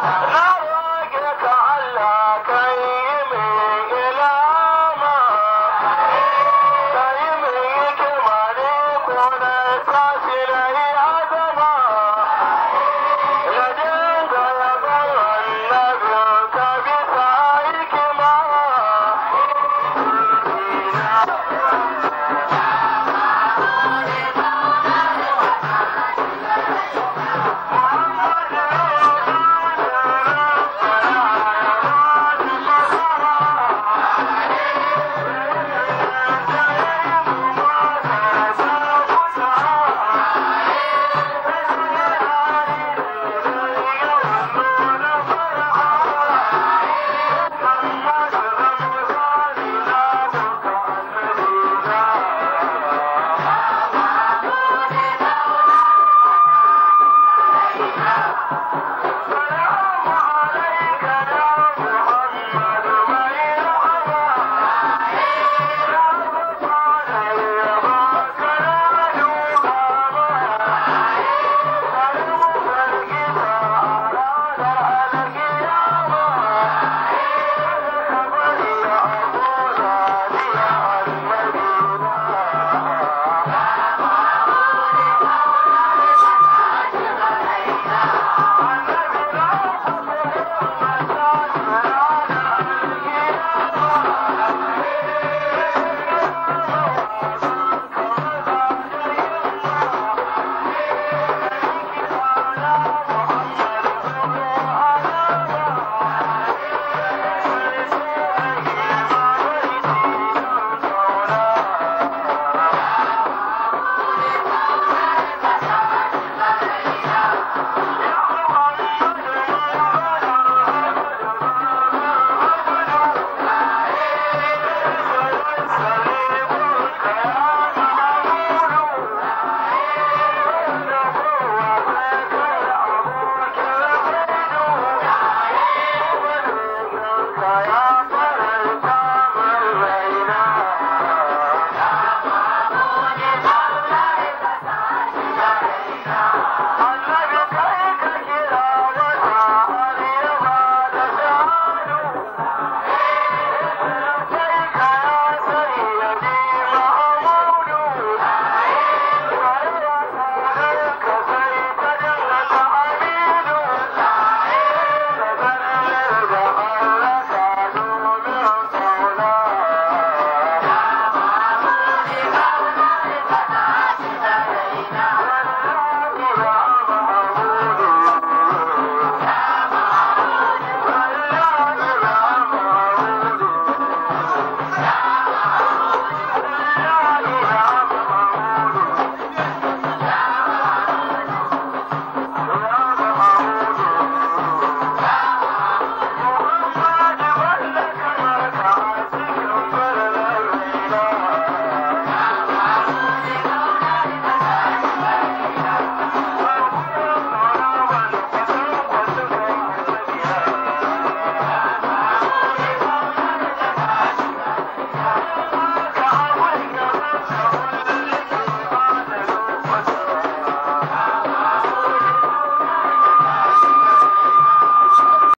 Ah! Oh!